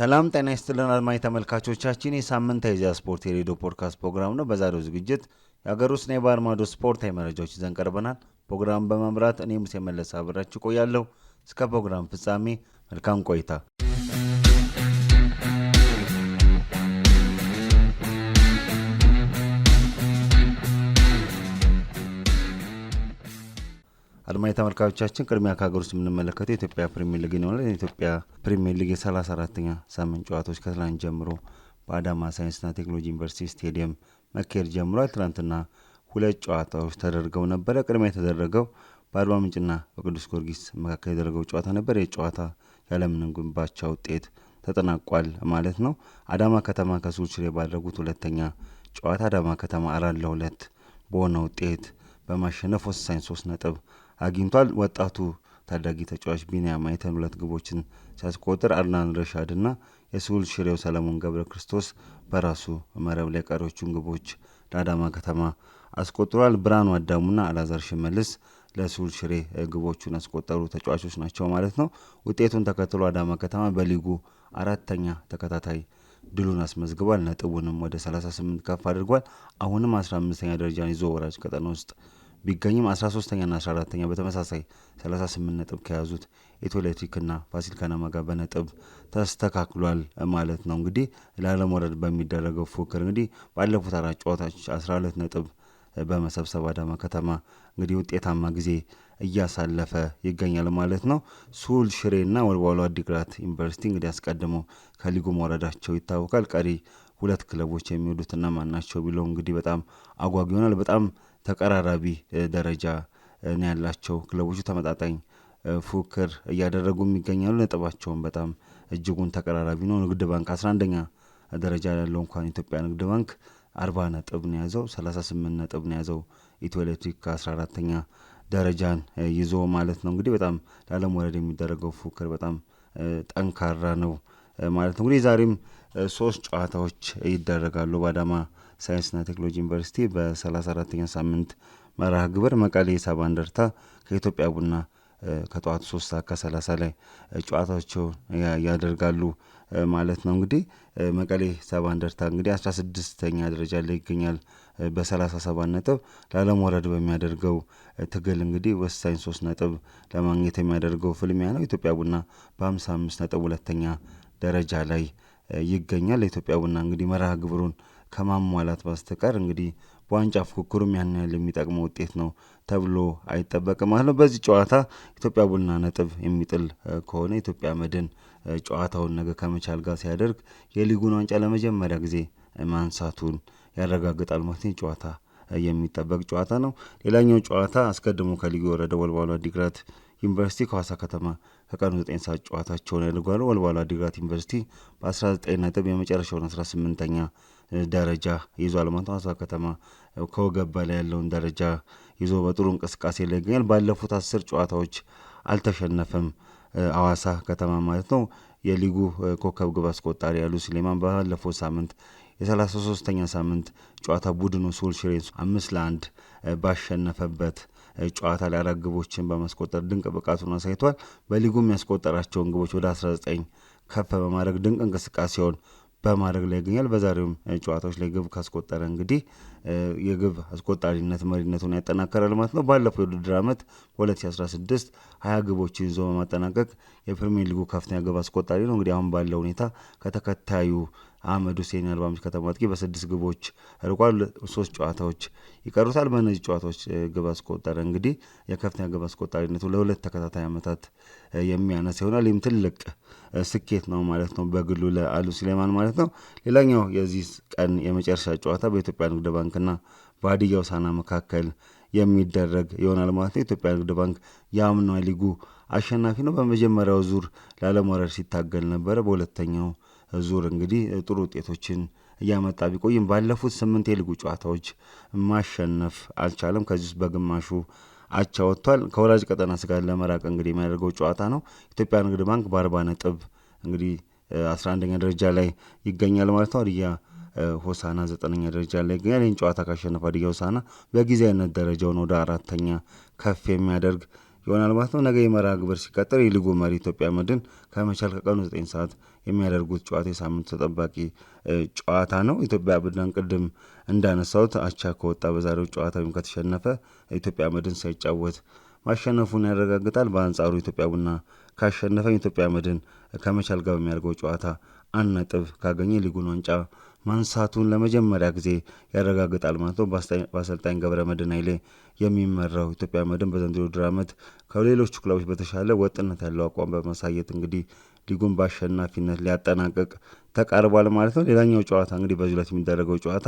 ሰላም ጤና ይስጥልን አድማጭ ተመልካቾቻችን፣ የሳምንት የኢዜአ ስፖርት የሬዲዮ ፖድካስት ፕሮግራም ነው። በዛሬው ዝግጅት የአገር ውስጥና የባህር ማዶ ስፖርታዊ መረጃዎች ይዘን ቀርበናል። ፕሮግራም በመምራት እኔ ሙሴ መለስ አብራችሁ ቆያለሁ። እስከ ፕሮግራም ፍጻሜ መልካም ቆይታ አድማጭ ተመልካቾቻችን ቅድሚያ ከሀገር ውስጥ የምንመለከተው የኢትዮጵያ ፕሪሚየር ሊግ ነው። የኢትዮጵያ ፕሪሚየር ሊግ የሰላሳ አራተኛ ሳምንት ጨዋታዎች ከትላንት ጀምሮ በአዳማ ሳይንስና ቴክኖሎጂ ዩኒቨርሲቲ ስቴዲየም መካሄድ ጀምሯል። ትናንትና ሁለት ጨዋታዎች ተደርገው ነበረ። ቅድሚያ የተደረገው በአርባ ምንጭና በቅዱስ ጊዮርጊስ መካከል የተደረገው ጨዋታ ነበር። ይህ ጨዋታ ያለምንም ግብ አቻ ውጤት ተጠናቋል ማለት ነው። አዳማ ከተማ ከሱልሽሬ ባደረጉት ሁለተኛ ጨዋታ አዳማ ከተማ አራት ለሁለት በሆነ ውጤት በማሸነፍ ወሳኝ ሶስት ነጥብ አግኝቷል። ወጣቱ ታዳጊ ተጫዋች ቢንያም አይተን ሁለት ግቦችን ሲያስቆጥር አድናን ረሻድ እና የስሁል ሽሬው ሰለሞን ገብረ ክርስቶስ በራሱ መረብ ላይ ቀሪዎቹን ግቦች ለአዳማ ከተማ አስቆጥሯል። ብርሃኑ አዳሙና አላዛር ሽመልስ ለስሁል ሽሬ ግቦቹን ያስቆጠሩ ተጫዋቾች ናቸው ማለት ነው። ውጤቱን ተከትሎ አዳማ ከተማ በሊጉ አራተኛ ተከታታይ ድሉን አስመዝግቧል። ነጥቡንም ወደ 38 ከፍ አድርጓል። አሁንም 15ኛ ደረጃን ይዞ ወራጅ ቀጠና ውስጥ ቢገኝም 13ተኛና 14ተኛ በተመሳሳይ 38 ነጥብ ከያዙት ኢትዮ ኤሌክትሪክና ፋሲል ከነማ ጋር በነጥብ ተስተካክሏል ማለት ነው። እንግዲህ ላለመውረድ በሚደረገው ፉክክር እንግዲህ ባለፉት አራት ጨዋታዎች 12 ነጥብ በመሰብሰብ አዳማ ከተማ እንግዲህ ውጤታማ ጊዜ እያሳለፈ ይገኛል ማለት ነው። ሱል ሽሬና ወልዋሎ አዲግራት ዩኒቨርሲቲ እንግዲህ አስቀድሞ ከሊጉ መውረዳቸው ይታወቃል። ቀሪ ሁለት ክለቦች የሚወዱትና ማናቸው ቢለው እንግዲህ በጣም አጓጊ ይሆናል በጣም ተቀራራቢ ደረጃ ነው ያላቸው። ክለቦቹ ተመጣጣኝ ፉክር እያደረጉ የሚገኛሉ። ነጥባቸውን በጣም እጅጉን ተቀራራቢ ነው። ንግድ ባንክ አስራ አንደኛ ደረጃ ያለው እንኳን ኢትዮጵያ ንግድ ባንክ አርባ ነጥብ ነው የያዘው። ስምንት ነጥብ ነው የያዘው ኢትዮ ኤሌክትሪክ አስራ አራተኛ ደረጃን ይዞ ማለት ነው። እንግዲህ በጣም ለአለም ወረድ የሚደረገው ፉክር በጣም ጠንካራ ነው ማለት ነው። እንግዲህ ዛሬም ሶስት ጨዋታዎች ይደረጋሉ። በአዳማ ሳይንስና ቴክኖሎጂ ዩኒቨርሲቲ በ 34 ሳምንት መርሃ ግብር መቀሌ ሰባ እንደርታ ከኢትዮጵያ ቡና ከጠዋቱ ሶስት ሰዓት ከሰላሳ ላይ ጨዋታቸውን ያደርጋሉ ማለት ነው። እንግዲህ መቀሌ ሰባ እንደርታ እንግዲህ አስራ ስድስተኛ ደረጃ ላይ ይገኛል በሰላሳ ሰባት ነጥብ ላለመውረድ በሚያደርገው ትግል እንግዲህ ወሳኝ ሶስት ነጥብ ለማግኘት የሚያደርገው ፍልሚያ ነው። ኢትዮጵያ ቡና በሀምሳ አምስት ነጥብ ሁለተኛ ደረጃ ላይ ይገኛል። ለኢትዮጵያ ቡና እንግዲህ መርሃ ግብሩን ከማሟላት በስተቀር እንግዲህ በዋንጫ ፉክክሩም ያን ያህል የሚጠቅመው ውጤት ነው ተብሎ አይጠበቅም ማለት ነው። በዚህ ጨዋታ ኢትዮጵያ ቡና ነጥብ የሚጥል ከሆነ ኢትዮጵያ መድን ጨዋታውን ነገ ከመቻል ጋር ሲያደርግ የሊጉን ዋንጫ ለመጀመሪያ ጊዜ ማንሳቱን ያረጋግጣል ማለት ነው። ጨዋታ የሚጠበቅ ጨዋታ ነው። ሌላኛው ጨዋታ አስቀድሞ ከሊጉ የወረደ ወልዋሎ ዓዲግራት ዩኒቨርሲቲ ከሀዋሳ ከተማ ከቀኑ 9 ሰዓት ጨዋታቸውን ያደርጓሉ። ወልዋሎ ዓዲግራት ዩኒቨርሲቲ በ19 ነጥብ የመጨረሻውን 18ኛ ደረጃ ይዟል። ማለት ሐዋሳ ከተማ ከወገብ በላይ ያለውን ደረጃ ይዞ በጥሩ እንቅስቃሴ ላይ ይገኛል። ባለፉት አስር ጨዋታዎች አልተሸነፈም ሐዋሳ ከተማ ማለት ነው። የሊጉ ኮከብ ግብ አስቆጣሪ ያሉ ሲሌማን ባለፈው ሳምንት የ33ኛ ሳምንት ጨዋታ ቡድኑ ሱል ሽሬን አምስት ለአንድ ባሸነፈበት ጨዋታ ላይ አራት ግቦችን በማስቆጠር ድንቅ ብቃቱን አሳይቷል። በሊጉም ያስቆጠራቸውን ግቦች ወደ 19 ከፍ በማድረግ ድንቅ እንቅስቃሴውን በማድረግ ላይ ይገኛል። በዛሬውም ጨዋታዎች ላይ ግብ ካስቆጠረ እንግዲህ የግብ አስቆጣሪነት መሪነቱን ያጠናከራል ማለት ነው። ባለፈው የውድድር ዓመት 2016 ሀያ ግቦችን ይዞ በማጠናቀቅ የፕሪሚየር ሊጉ ከፍተኛ ግብ አስቆጣሪ ነው። እንግዲህ አሁን ባለው ሁኔታ ከተከታዩ አህመድ ሁሴን የአርባምንጭ ከተማ አጥቂ በስድስት ግቦች ርቋል። ሶስት ጨዋታዎች ይቀሩታል። በእነዚህ ጨዋታዎች ግብ አስቆጠረ እንግዲህ የከፍተኛ ግብ አስቆጣሪነቱ ለሁለት ተከታታይ ዓመታት የሚያነስ ይሆናል። ይህም ትልቅ ስኬት ነው ማለት ነው በግሉ ለአሉ ሱሌማን ማለት ነው። ሌላኛው የዚህ ቀን የመጨረሻ ጨዋታ በኢትዮጵያ ንግድ ባንክና በሀዲያ ሆሳዕና መካከል የሚደረግ ይሆናል ማለት ነው። ኢትዮጵያ ንግድ ባንክ የአምና ሊጉ አሸናፊ ነው። በመጀመሪያው ዙር ላለመውረድ ሲታገል ነበረ። በሁለተኛው ዙር እንግዲህ ጥሩ ውጤቶችን እያመጣ ቢቆይም ባለፉት ስምንት የሊጉ ጨዋታዎች ማሸነፍ አልቻለም። ከዚህ ውስጥ በግማሹ አቻ ወጥቷል። ከወራጅ ቀጠና ስጋት ለመራቅ እንግዲህ የሚያደርገው ጨዋታ ነው። ኢትዮጵያ ንግድ ባንክ በአርባ ነጥብ እንግዲህ አስራ አንደኛ ደረጃ ላይ ይገኛል ማለት ነው። አድያ ሆሳና ዘጠነኛ ደረጃ ላይ ይገኛል። ይህን ጨዋታ ካሸነፈ አድያ ሆሳና በጊዜያዊነት ደረጃውን ወደ አራተኛ ከፍ የሚያደርግ ይሆናል ማለት ነው። ነገ የመርሃ ግብር ሲቀጥል የሊጉ መሪ ኢትዮጵያ መድን ከመቻል ከቀኑ 9 ሰዓት የሚያደርጉት ጨዋታ የሳምንቱ ተጠባቂ ጨዋታ ነው። ኢትዮጵያ ቡናን ቅድም እንዳነሳሁት አቻ ከወጣ በዛሬው ጨዋታ ወይም ከተሸነፈ ኢትዮጵያ መድን ሳይጫወት ማሸነፉን ያረጋግጣል። በአንጻሩ ኢትዮጵያ ቡና ካሸነፈ ኢትዮጵያ መድን ከመቻል ጋር በሚያደርገው ጨዋታ አንድ ነጥብ ካገኘ ሊጉን ዋንጫ ማንሳቱን ለመጀመሪያ ጊዜ ያረጋግጣል ማለት ነው። በአሰልጣኝ ገብረ መድን ኃይሌ የሚመራው ኢትዮጵያ መድን በዘንድሮ ውድድር ዓመት ከሌሎቹ ክለቦች በተሻለ ወጥነት ያለው አቋም በመሳየት እንግዲህ ሊጉን በአሸናፊነት ሊያጠናቀቅ ተቃርቧል ማለት ነው። ሌላኛው ጨዋታ እንግዲህ በዚህ ዕለት የሚደረገው ጨዋታ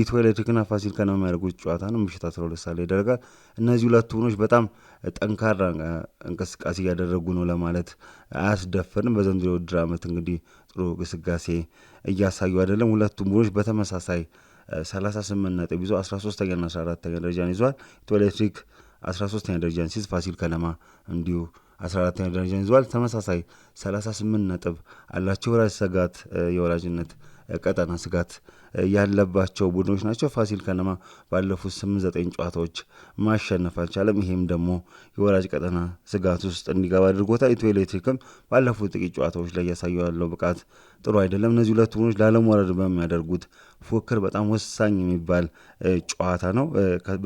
ኢትዮ ኤሌክትሪክና ፋሲል ከነማ የሚያደርጉት ጨዋታ ነው። ምሽት 12 ሰዓት ላይ ይደረጋል። እነዚህ ሁለት ቡድኖች በጣም ጠንካራ እንቅስቃሴ እያደረጉ ነው ለማለት አያስደፍርም። በዘንድሮ ውድድር ዓመት እንግዲህ ጥሩ ግስጋሴ እያሳዩ አይደለም። ሁለቱም ቡድኖች በተመሳሳይ 38 ነጥብ ይዞ 13ተኛና 14ተኛ ደረጃን ይዟል። ኢትዮ ኤሌክትሪክ 13ተኛ ደረጃን ሲይዝ ፋሲል ከነማ እንዲሁ 14ተኛ ደረጃን ይዟል። ተመሳሳይ 38 ነጥብ አላቸው። ወራጅ ስጋት የወራጅነት ቀጠና ስጋት ያለባቸው ቡድኖች ናቸው። ፋሲል ከነማ ባለፉት ስምንት ዘጠኝ ጨዋታዎች ማሸነፍ አልቻለም። ይሄም ደግሞ የወራጅ ቀጠና ስጋት ውስጥ እንዲገባ አድርጎታል። ኢትዮ ኤሌክትሪክም ባለፉት ጥቂት ጨዋታዎች ላይ ያሳየው ያለው ብቃት ጥሩ አይደለም። እነዚህ ሁለት ቡድኖች ላለመውረድ በሚያደርጉት ፉክክር በጣም ወሳኝ የሚባል ጨዋታ ነው።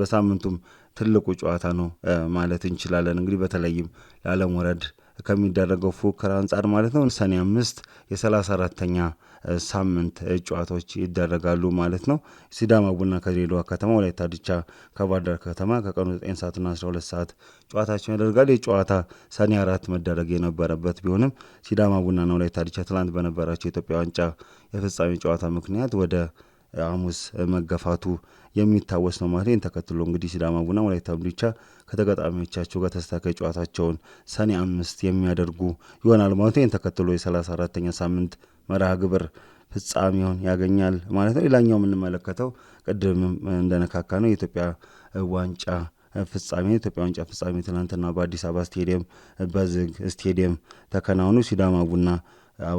በሳምንቱም ትልቁ ጨዋታ ነው ማለት እንችላለን። እንግዲህ በተለይም ላለመውረድ ከሚደረገው ፉክክር አንጻር ማለት ነው። ሰኔ አምስት የሰላሳ አራተኛ ሳምንት ጨዋታዎች ይደረጋሉ ማለት ነው። ሲዳማ ቡና ከድሬዳዋ ከተማ፣ ወላይታ ድቻ ከባህር ከተማ ከቀኑ 9 ሰዓትና 12 ሰዓት ጨዋታቸውን ያደርጋል። ይህ ጨዋታ ሰኔ አራት መደረግ የነበረበት ቢሆንም ሲዳማ ቡናና ወላይታ ድቻ ትላንት በነበራቸው የኢትዮጵያ ዋንጫ የፍጻሜ ጨዋታ ምክንያት ወደ ሐሙስ መገፋቱ የሚታወስ ነው ማለት ይህን ተከትሎ እንግዲህ ሲዳማ ቡና ወላይታ ድቻ ከተጋጣሚዎቻቸው ጋር ተስተካካይ ጨዋታቸውን ሰኔ አምስት የሚያደርጉ ይሆናል ማለት ይህን ተከትሎ የ34ኛ ሳምንት መርሃ ግብር ፍጻሜውን ያገኛል ማለት ነው። ሌላኛው የምንመለከተው ቅድም እንደነካካ ነው የኢትዮጵያ ዋንጫ ፍጻሜ ኢትዮጵያ ዋንጫ ፍጻሜ ትናንትና በአዲስ አበባ ስቴዲየም በዝግ ስቴዲየም ተከናውኑ። ሲዳማ ቡና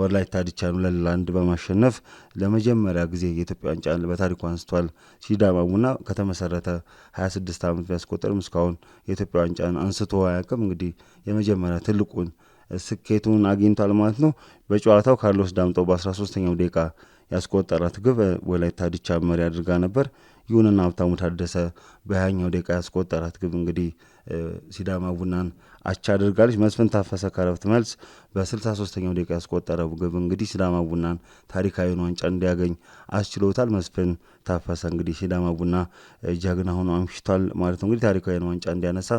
ወላይታ ዲቻን ሁለት ለአንድ በማሸነፍ ለመጀመሪያ ጊዜ የኢትዮጵያ ዋንጫ በታሪኩ አንስቷል። ሲዳማ ቡና ከተመሰረተ 26 ዓመት ቢያስቆጠርም እስካሁን የኢትዮጵያ ዋንጫን አንስቶ አያውቅም። እንግዲህ የመጀመሪያ ትልቁን ስኬቱን አግኝቷል ማለት ነው። በጨዋታው ካርሎስ ዳምጦ በ13ኛው ደቂቃ ያስቆጠራት ግብ ወላይታ ዲቻ መሪ አድርጋ ነበር። ይሁንና ሀብታሙ ታደሰ በሀያኛው ደቂቃ ያስቆጠራት ግብ እንግዲህ ሲዳማ ቡናን አቻ አድርጋለች። መስፍን ታፈሰ ከረፍት መልስ በ63ኛው ደቂቃ ያስቆጠረው ግብ እንግዲህ ሲዳማ ቡናን ታሪካዊን ዋንጫ እንዲያገኝ አስችሎታል። መስፍን ታፈሰ እንግዲህ ሲዳማ ቡና ጀግና ሆኖ አምሽቷል ማለት ነው። እንግዲህ ታሪካዊን ዋንጫ እንዲያነሳ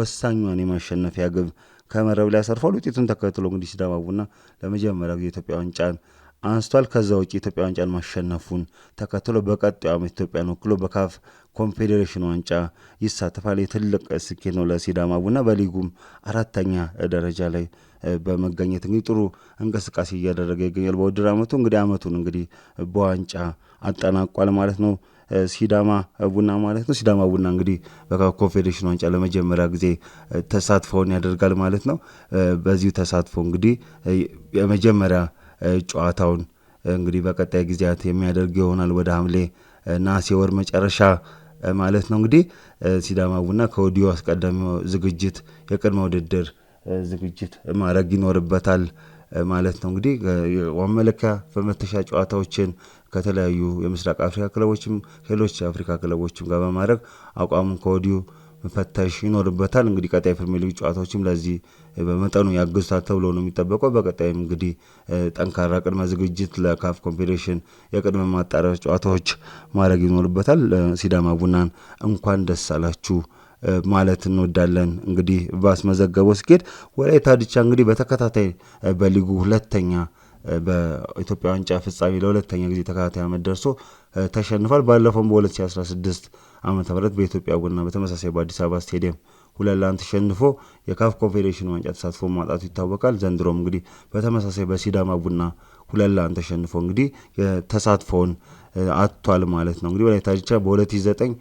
ወሳኟን የማሸነፊያ ግብ ከመረብ ላይ አሰርፏል ውጤቱን ተከትሎ እንግዲህ ሲዳማ ቡና ለመጀመሪያ ጊዜ ኢትዮጵያ ዋንጫን አንስቷል። ከዛ ውጭ ኢትዮጵያ ዋንጫን ማሸነፉን ተከትሎ በቀጣዩ ዓመት ኢትዮጵያን ወክሎ በካፍ ኮንፌዴሬሽን ዋንጫ ይሳተፋል። የትልቅ ስኬት ነው ለሲዳማ ቡና። በሊጉም አራተኛ ደረጃ ላይ በመገኘት እንግዲህ ጥሩ እንቅስቃሴ እያደረገ ይገኛል። በውድድር ዓመቱ እንግዲህ ዓመቱን እንግዲህ በዋንጫ አጠናቋል ማለት ነው። ሲዳማ ቡና ማለት ነው። ሲዳማ ቡና እንግዲህ በኮንፌዴሬሽን ዋንጫ ለመጀመሪያ ጊዜ ተሳትፎውን ያደርጋል ማለት ነው። በዚሁ ተሳትፎ እንግዲህ የመጀመሪያ ጨዋታውን እንግዲህ በቀጣይ ጊዜያት የሚያደርግ ይሆናል ወደ ሐምሌ ነሐሴ ወር መጨረሻ ማለት ነው። እንግዲህ ሲዳማ ቡና ከወዲሁ አስቀዳሚ ዝግጅት የቅድመ ውድድር ዝግጅት ማድረግ ይኖርበታል ማለት ነው። እንግዲህ ማመለኪያ በመተሻ ጨዋታዎችን ከተለያዩ የምስራቅ አፍሪካ ክለቦችም ሌሎች የአፍሪካ ክለቦችም ጋር በማድረግ አቋሙን ከወዲሁ መፈተሽ ይኖርበታል። እንግዲህ ቀጣይ ፕሪሚየር ሊግ ጨዋታዎችም ለዚህ በመጠኑ ያግዙታል ተብሎ ነው የሚጠበቀው። በቀጣይም እንግዲህ ጠንካራ ቅድመ ዝግጅት ለካፍ ኮንፌዴሬሽን የቅድመ ማጣሪያ ጨዋታዎች ማድረግ ይኖርበታል። ሲዳማ ቡናን እንኳን ደስ አላችሁ ማለት እንወዳለን። እንግዲህ ባስመዘገበው ስኬት ወላይታ ድቻ እንግዲህ በተከታታይ በሊጉ ሁለተኛ በኢትዮጵያ ዋንጫ ፍጻሜ ለሁለተኛ ጊዜ ተከታታይ ዓመት ደርሶ ተሸንፏል። ባለፈውም በ2016 ዓ ም በኢትዮጵያ ቡና በተመሳሳይ በአዲስ አበባ ስቴዲየም ሁለት ለአንድ ተሸንፎ የካፍ ኮንፌዴሬሽን ዋንጫ ተሳትፎ ማጣቱ ይታወቃል። ዘንድሮም እንግዲህ በተመሳሳይ በሲዳማ ቡና ሁለት ለአንድ ተሸንፎ እንግዲህ ተሳትፎውን አጥቷል ማለት ነው። እንግዲህ ወላይታ ድቻ በ2009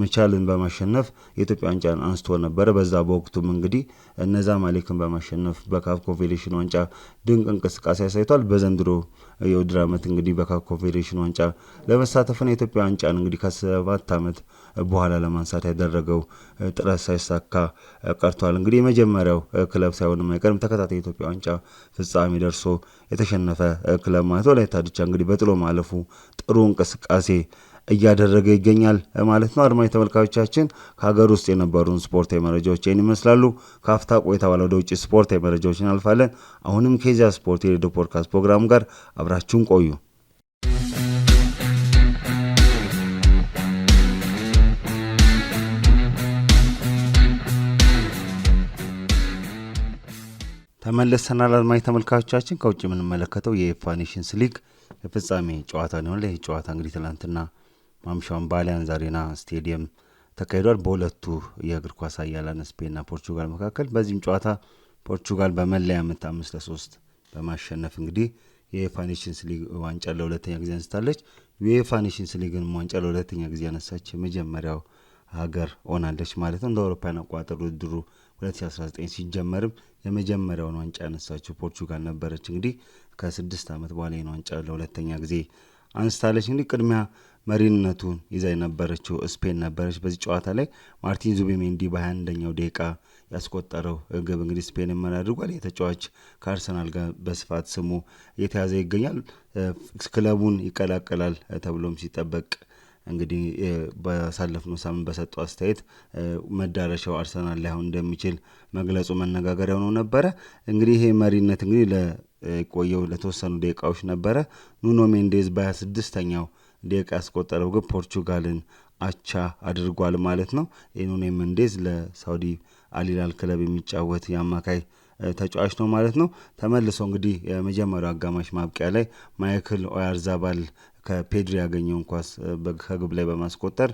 መቻልን በማሸነፍ የኢትዮጵያ ዋንጫን አንስቶ ነበረ። በዛ በወቅቱም እንግዲህ እነዛ ማሌክን በማሸነፍ በካፍ ኮንፌዴሬሽን ዋንጫ ድንቅ እንቅስቃሴ አሳይቷል። በዘንድሮ የውድድር ዓመት እንግዲህ በካፍ ኮንፌዴሬሽን ዋንጫ ለመሳተፍና የኢትዮጵያ ዋንጫን እንግዲህ ከሰባት ዓመት በኋላ ለማንሳት ያደረገው ጥረት ሳይሳካ ቀርቷል። እንግዲህ የመጀመሪያው ክለብ ሳይሆንም አይቀርም ተከታታይ የኢትዮጵያ ዋንጫ ፍጻሜ ደርሶ የተሸነፈ ክለብ ማለት ወላይታ ድቻ እንግዲህ በጥሎ ማለፉ ጥሩ እንቅስቃሴ እያደረገ ይገኛል ማለት ነው። አድማጭ ተመልካቾቻችን ከሀገር ውስጥ የነበሩን ስፖርታዊ መረጃዎች ይህን ይመስላሉ። ከአፍታ ቆይታ በኋላ ወደ ውጭ ስፖርታዊ መረጃዎች እናልፋለን። አሁንም ከዚያ ስፖርት የሬዲዮ ፖድካስት ፕሮግራም ጋር አብራችሁን ቆዩ። ተመልሰናል አድማጭ ተመልካቾቻችን። ከውጭ የምንመለከተው የኤፋ ኔሽንስ ሊግ የፍጻሜ ጨዋታ ሊሆን ላይ ጨዋታ እንግዲህ ትላንትና ማምሻውን ባሊያንዝ አሬና ስቴዲየም ተካሂዷል። በሁለቱ የእግር ኳስ አያላን ስፔንና ፖርቹጋል መካከል በዚህም ጨዋታ ፖርቹጋል በመለያ ምት አምስት ለሶስት በማሸነፍ እንግዲህ የዩኤፋ ኔሽንስ ሊግ ዋንጫ ለሁለተኛ ጊዜ አንስታለች። የዩኤፋ ኔሽንስ ሊግን ዋንጫ ለሁለተኛ ጊዜ ያነሳች የመጀመሪያው ሀገር ሆናለች ማለት ነው። እንደ አውሮፓውያን አቆጣጠር ውድድሩ 2019 ሲጀመርም የመጀመሪያውን ዋንጫ ያነሳችው ፖርቹጋል ነበረች። እንግዲህ ከስድስት ዓመት በኋላ ዋንጫ ለሁለተኛ ጊዜ አንስታለች። እንግዲህ ቅድሚያ መሪነቱን ይዛ የነበረችው ስፔን ነበረች። በዚህ ጨዋታ ላይ ማርቲን ዙቢሜንዲ ሜንዲ 21 ደቂቃ ያስቆጠረው ግብ እንግዲህ ስፔን መሪ አድርጓል። የተጫዋች ከአርሰናል ጋር በስፋት ስሙ እየተያዘ ይገኛል። ክለቡን ይቀላቀላል ተብሎም ሲጠበቅ እንግዲህ ባሳለፍነው ሳምንት በሰጠው አስተያየት መዳረሻው አርሰናል ላይሆን እንደሚችል መግለጹ መነጋገሪያ ነው ነበረ። እንግዲህ ይሄ መሪነት እንግዲህ ለቆየው ለተወሰኑ ደቂቃዎች ነበረ። ኑኖ ሜንዴዝ በ 26 ደቂቃ ያስቆጠረው ግን ፖርቹጋልን አቻ አድርጓል ማለት ነው። ኢኑኔ መንዴዝ ለሳውዲ አሊላል ክለብ የሚጫወት የአማካይ ተጫዋች ነው ማለት ነው። ተመልሶ እንግዲህ የመጀመሪያው አጋማሽ ማብቂያ ላይ ማይክል ኦያርዛባል ከፔድሪ ያገኘውን ኳስ ከግብ ላይ በማስቆጠር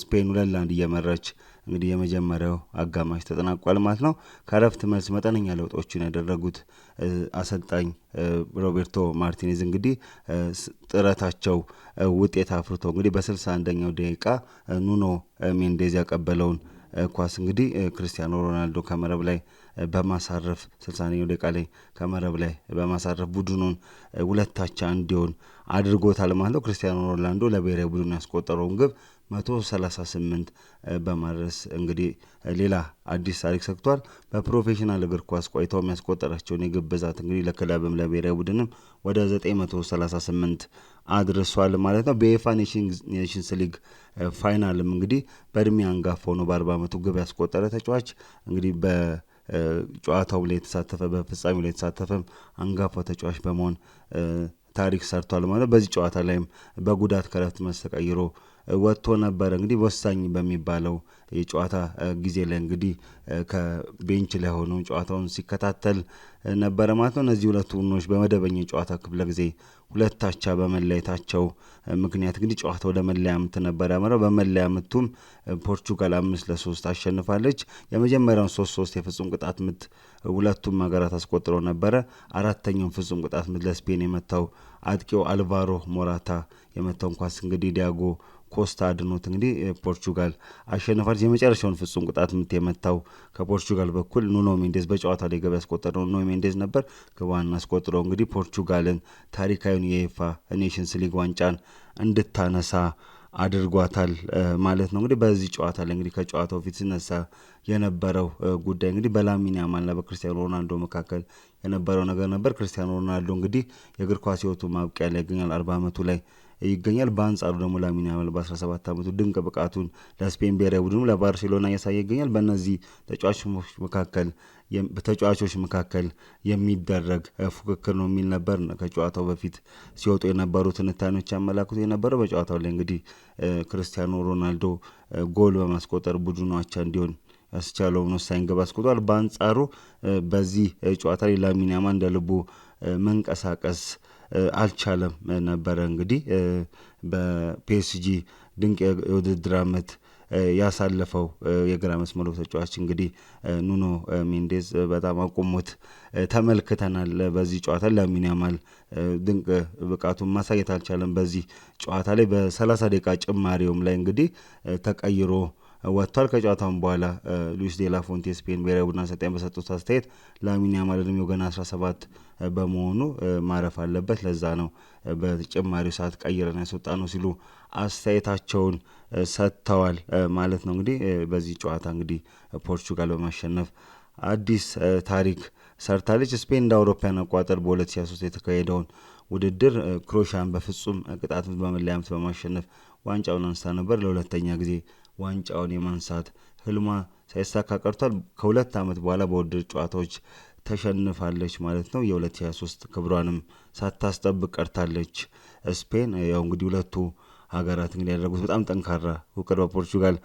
ስፔን ሁለት ለአንድ እየመራች እንግዲህ የመጀመሪያው አጋማሽ ተጠናቋል ማለት ነው። ከረፍት መልስ መጠነኛ ለውጦችን ያደረጉት አሰልጣኝ ሮቤርቶ ማርቲኔዝ እንግዲህ ጥረታቸው ውጤት አፍርቶ እንግዲህ በስልሳ አንደኛው ደቂቃ ኑኖ ሜንዴዝ ያቀበለውን ኳስ እንግዲህ ክርስቲያኖ ሮናልዶ ከመረብ ላይ በማሳረፍ ስልሳኛው ደቂቃ ላይ ከመረብ ላይ በማሳረፍ ቡድኑን ሁለታቻ እንዲሆን አድርጎታል ማለት ነው። ክርስቲያኖ ሮናልዶ ለብሔራዊ ቡድን ያስቆጠረውን ግብ 138 በማድረስ እንግዲህ ሌላ አዲስ ታሪክ ሰክቷል። በፕሮፌሽናል እግር ኳስ ቆይታውም የሚያስቆጠራቸውን የግብ ብዛት እንግዲህ ለክለብም ለብሔራዊ ቡድንም ወደ 938 አድርሷል ማለት ነው። በኤፋ ኔሽንስ ሊግ ፋይናልም እንግዲህ በእድሜ አንጋፋ ሆኖ በ40 ዓመቱ ግብ ያስቆጠረ ተጫዋች እንግዲህ በ ጨዋታው ላይ የተሳተፈ በፍጻሜው ላይ የተሳተፈም አንጋፋ ተጫዋች በመሆን ታሪክ ሰርቷል ማለት በዚህ ጨዋታ ላይም በጉዳት ከረፍት መስተቀይሮ ወጥቶ ነበረ። እንግዲህ ወሳኝ በሚባለው የጨዋታ ጊዜ ላይ እንግዲህ ከቤንች ላይ ሆኖ ጨዋታውን ሲከታተል ነበረ ማለት ነው። እነዚህ ሁለቱ ቡድኖች በመደበኛ ጨዋታ ክፍለ ጊዜ ሁለት አቻ በመለየታቸው ምክንያት እንግዲህ ጨዋታ ወደ መለያ ምት ነበር ያመራው። በመለያ ምቱም ፖርቹጋል አምስት ለሶስት አሸንፋለች። የመጀመሪያውን ሶስት ሶስት የፍጹም ቅጣት ምት ሁለቱም ሀገራት አስቆጥሮ ነበረ። አራተኛውን ፍጹም ቅጣት ምት ለስፔን የመታው አጥቂው አልቫሮ ሞራታ የመታውን ኳስ እንግዲህ ዲያጎ ኮስታ አድኖት እንግዲህ ፖርቹጋል አሸንፋለች። የመጨረሻውን ፍጹም ቅጣት ምት የመታው ከፖርቹጋል በኩል ኑኖ ሜንዴዝ በጨዋታ ላይ ገብ ያስቆጠረው ኑኖ ሜንዴዝ ነበር። ግቧን አስቆጥረው እንግዲህ ፖርቹጋልን ታሪካዊን የይፋ ኔሽንስ ሊግ ዋንጫን እንድታነሳ አድርጓታል ማለት ነው። እንግዲህ በዚህ ጨዋታ ላይ እንግዲህ ከጨዋታው ፊት ሲነሳ የነበረው ጉዳይ እንግዲህ በላሚን ያማልና በክርስቲያኖ ሮናልዶ መካከል የነበረው ነገር ነበር። ክርስቲያኖ ሮናልዶ እንግዲህ የእግር ኳስ ሕይወቱ ማብቂያ ላይ ያገኛል አርባ አመቱ ላይ ይገኛል። በአንጻሩ ደግሞ ላሚን ያማል በ17 ዓመቱ ድንቅ ብቃቱን ለስፔን ብሔራዊ ቡድኑ ለባርሴሎና እያሳየ ይገኛል። በእነዚህ ተጫዋቾች መካከል በተጫዋቾች መካከል የሚደረግ ፉክክር ነው የሚል ነበር ከጨዋታው በፊት ሲወጡ የነበሩ ትንታኔዎች ያመላክቱ የነበረው። በጨዋታው ላይ እንግዲህ ክርስቲያኖ ሮናልዶ ጎል በማስቆጠር ቡድኑ አቻ እንዲሆን ያስቻለውን ወሳኝ ግብ አስቆጥሯል። በአንጻሩ በዚህ ጨዋታ ላይ ላሚን ያማል እንደ ልቡ መንቀሳቀስ አልቻለም ነበረ። እንግዲህ በፒኤስጂ ድንቅ የውድድር ዓመት ያሳለፈው የግራ መስመሩ ተጫዋች እንግዲህ ኑኖ ሜንዴዝ በጣም አቁሙት ተመልክተናል። በዚህ ጨዋታ ላሚን ያማል ድንቅ ብቃቱን ማሳየት አልቻለም። በዚህ ጨዋታ ላይ በሰላሳ ደቂቃ ጭማሪውም ላይ እንግዲህ ተቀይሮ ወጥቷል። ከጨዋታም በኋላ ሉዊስ ዴላ ፎንቴ ስፔን ብሔራዊ ቡድን አሰልጣኝ በሰጡት አስተያየት ላሚን ያማል ዕድሜው ገና 17 በመሆኑ ማረፍ አለበት። ለዛ ነው በተጨማሪው ሰዓት ቀይረን ያስወጣ ነው ሲሉ አስተያየታቸውን ሰጥተዋል ማለት ነው። እንግዲህ በዚህ ጨዋታ እንግዲህ ፖርቹጋል በማሸነፍ አዲስ ታሪክ ሰርታለች። ስፔን እንደ አውሮፓውያን አቆጣጠር በ2023 የተካሄደውን ውድድር ክሮሻን በፍጹም ቅጣት በመለያ ምት በማሸነፍ ዋንጫውን አንስታ ነበር። ለሁለተኛ ጊዜ ዋንጫውን የማንሳት ህልሟ ሳይሳካ ቀርቷል። ከሁለት ዓመት በኋላ በውድድር ጨዋታዎች ተሸንፋለች ማለት ነው። የ2023 ክብሯንም ሳታስጠብቅ ቀርታለች። ስፔን ያው እንግዲህ ሁለቱ ሀገራት እንግዲህ ያደረጉት በጣም ጠንካራ ውቅር በፖርቹጋል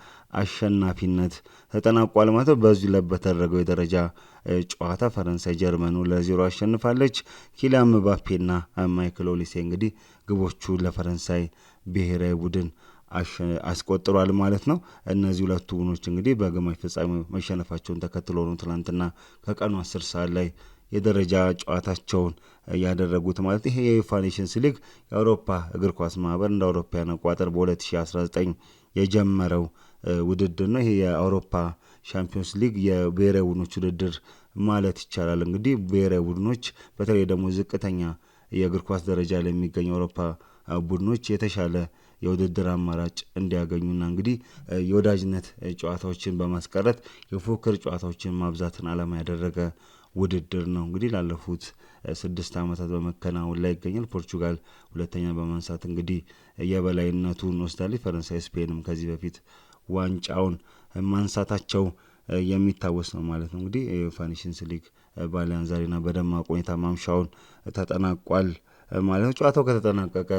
አሸናፊነት ተጠናቋል ማለት ነው። በዚህ ላይ በተደረገው የደረጃ ጨዋታ ፈረንሳይ ጀርመኑ ለዜሮ አሸንፋለች። ኪሊያን ምባፔና ማይክል ኦሊሴ እንግዲህ ግቦቹ ለፈረንሳይ ብሔራዊ ቡድን አስቆጥሯል ማለት ነው። እነዚህ ሁለቱ ቡድኖች እንግዲህ በግማሽ ፍጻሜ መሸነፋቸውን ተከትሎ ነው ትናንትና ከቀኑ አስር ሰዓት ላይ የደረጃ ጨዋታቸውን ያደረጉት ማለት ይሄ የዩፋ ኔሽንስ ሊግ የአውሮፓ እግር ኳስ ማህበር እንደ አውሮፓያን አቆጣጠር በ2019 የጀመረው ውድድር ነው። ይሄ የአውሮፓ ሻምፒዮንስ ሊግ የብሔራዊ ቡድኖች ውድድር ማለት ይቻላል። እንግዲህ ብሔራዊ ቡድኖች በተለይ ደግሞ ዝቅተኛ የእግር ኳስ ደረጃ ላይ የሚገኙ አውሮፓ ቡድኖች የተሻለ የውድድር አማራጭ እንዲያገኙና እንግዲህ የወዳጅነት ጨዋታዎችን በማስቀረት የፉክክር ጨዋታዎችን ማብዛትን ዓላማ ያደረገ ውድድር ነው። እንግዲህ ላለፉት ስድስት ዓመታት በመከናወን ላይ ይገኛል። ፖርቹጋል ሁለተኛ በማንሳት እንግዲህ የበላይነቱን ወስዳለች። ፈረንሳይ፣ ስፔንም ከዚህ በፊት ዋንጫውን ማንሳታቸው የሚታወስ ነው ማለት ነው። እንግዲህ የዩኤፋ ኔሽንስ ሊግ በአሊያንዝ አሬና በደማቅ ሁኔታ ማምሻውን ተጠናቋል። ማለት ነው። ጨዋታው ከተጠናቀቀ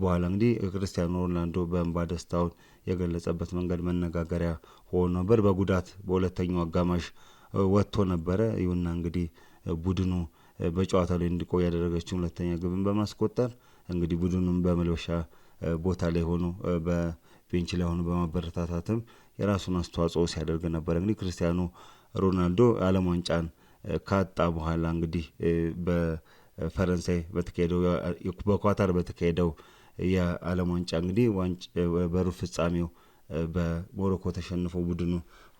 በኋላ እንግዲህ ክርስቲያኖ ሮናልዶ በእንባ ደስታውን የገለጸበት መንገድ መነጋገሪያ ሆኖ ነበር። በጉዳት በሁለተኛው አጋማሽ ወጥቶ ነበረ። ይሁና እንግዲህ ቡድኑ በጨዋታ ላይ እንዲቆይ ያደረገችውን ሁለተኛ ግብን በማስቆጠር እንግዲህ ቡድኑም በመልበሻ ቦታ ላይ ሆኖ በቤንች ላይ ሆኖ በማበረታታትም የራሱን አስተዋጽኦ ሲያደርግ ነበረ። እንግዲህ ክርስቲያኖ ሮናልዶ ዓለም ዋንጫን ካጣ በኋላ እንግዲህ ፈረንሳይ በተካሄደው በኳታር በተካሄደው የዓለም ዋንጫ እንግዲህ በሩብ ፍጻሜው በሞሮኮ ተሸንፎ ቡድኑ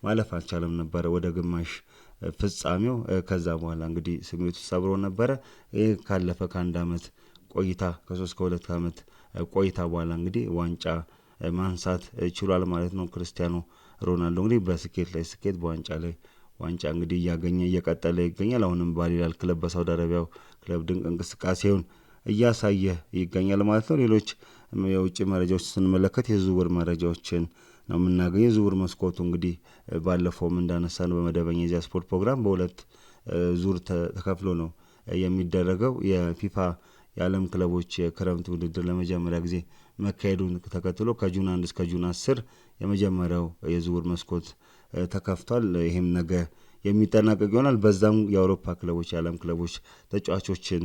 ማለፍ አልቻለም ነበረ ወደ ግማሽ ፍጻሜው። ከዛ በኋላ እንግዲህ ስሜቱ ሰብሮ ነበረ። ይህ ካለፈ ከአንድ ዓመት ቆይታ ከሶስት ከሁለት ዓመት ቆይታ በኋላ እንግዲህ ዋንጫ ማንሳት ችሏል ማለት ነው። ክርስቲያኖ ሮናልዶ እንግዲህ በስኬት ላይ ስኬት፣ በዋንጫ ላይ ዋንጫ እንግዲህ እያገኘ እየቀጠለ ይገኛል። አሁንም ባሊላል ክለብ በሳውዲ አረቢያው ክለብ ድንቅ እንቅስቃሴውን እያሳየ ይገኛል ማለት ነው። ሌሎች የውጭ መረጃዎች ስንመለከት የዝውውር መረጃዎችን ነው የምናገኘው። የዝውውር መስኮቱ እንግዲህ ባለፈውም ነው በመደበኛ የኢዜአ ስፖርት ፕሮግራም በሁለት ዙር ተከፍሎ ነው የሚደረገው። የፊፋ የዓለም ክለቦች የክረምት ውድድር ለመጀመሪያ ጊዜ መካሄዱን ተከትሎ ከጁን አንድ እስከ ጁን አስር የመጀመሪያው የዝውውር መስኮት ተከፍቷል። ይህም ነገ የሚጠናቀቅ ይሆናል። በዛም የአውሮፓ ክለቦች፣ የዓለም ክለቦች ተጫዋቾችን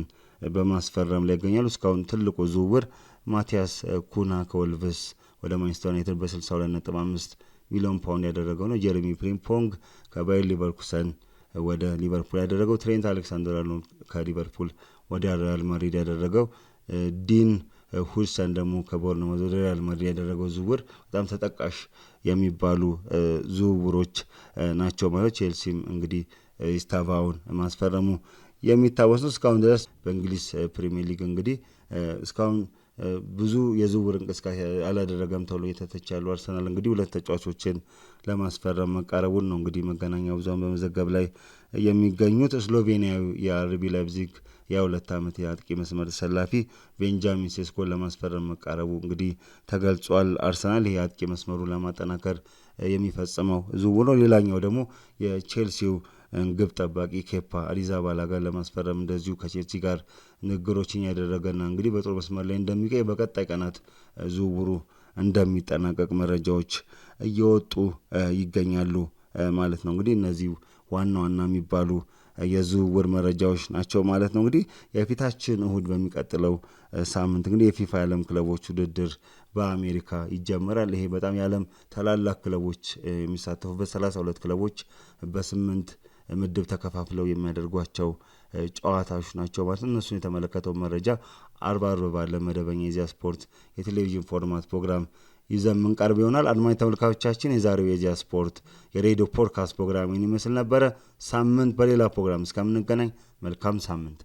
በማስፈረም ላይ ይገኛሉ። እስካሁን ትልቁ ዝውውር ማቲያስ ኩና ከወልቭስ ወደ ማንቸስተር ዩናይትድ በ62.5 ሚሊዮን ፓውንድ ያደረገው ነው። ጀሬሚ ፕሪምፖንግ ከባየር ሊቨርኩሰን ወደ ሊቨርፑል ያደረገው፣ ትሬንት አሌክሳንደር አሎ ከሊቨርፑል ወደ ሪያል ማድሪድ ያደረገው፣ ዲን ሁድሰን ደግሞ ከቦርንማውዝ ወደ ሪያል ማድሪድ ያደረገው ዝውውር በጣም ተጠቃሽ የሚባሉ ዝውውሮች ናቸው ማለት ቼልሲም እንግዲህ ኢስታቫውን ማስፈረሙ የሚታወስ ነው። እስካሁን ድረስ በእንግሊዝ ፕሪሚየር ሊግ እንግዲህ እስካሁን ብዙ የዝውውር እንቅስቃሴ አላደረገም ተብሎ እየተተቸ ያሉ አርሰናል እንግዲህ ሁለት ተጫዋቾችን ለማስፈረም መቃረቡን ነው እንግዲህ መገናኛ ብዙኃን በመዘገብ ላይ የሚገኙት። ስሎቬኒያዊ የአርቢ ላይፕዚግ የሁለት ዓመት የአጥቂ መስመር ተሰላፊ ቤንጃሚን ሴስኮን ለማስፈረም መቃረቡ እንግዲህ ተገልጿል። አርሰናል ይህ የአጥቂ መስመሩን ለማጠናከር የሚፈጽመው ዝውውር ነው። ሌላኛው ደግሞ የቼልሲው ግብ ጠባቂ ኬፓ አሪዛባላ ጋር ለማስፈረም እንደዚሁ ከቼልሲ ጋር ንግግሮችን ያደረገና እንግዲህ በጥሩ መስመር ላይ እንደሚገኝ በቀጣይ ቀናት ዝውውሩ እንደሚጠናቀቅ መረጃዎች እየወጡ ይገኛሉ ማለት ነው። እንግዲህ እነዚህ ዋና ዋና የሚባሉ የዝውውር መረጃዎች ናቸው ማለት ነው። እንግዲህ የፊታችን እሁድ በሚቀጥለው ሳምንት እንግዲህ የፊፋ የዓለም ክለቦች ውድድር በአሜሪካ ይጀመራል። ይሄ በጣም የዓለም ታላላቅ ክለቦች የሚሳተፉበት 32 ክለቦች በስምንት ምድብ ተከፋፍለው የሚያደርጓቸው ጨዋታዎች ናቸው ማለት ነው። እነሱን የተመለከተው መረጃ አርባ አርብ ባለ መደበኛ የኢዜአ ስፖርት የቴሌቪዥን ፎርማት ፕሮግራም ይዘን የምንቀርብ ይሆናል። አድማኝ ተመልካቾቻችን የዛሬው የኢዜአ ስፖርት የሬዲዮ ፖድካስት ፕሮግራም ይመስል ነበረ። ሳምንት በሌላ ፕሮግራም እስከምንገናኝ መልካም ሳምንት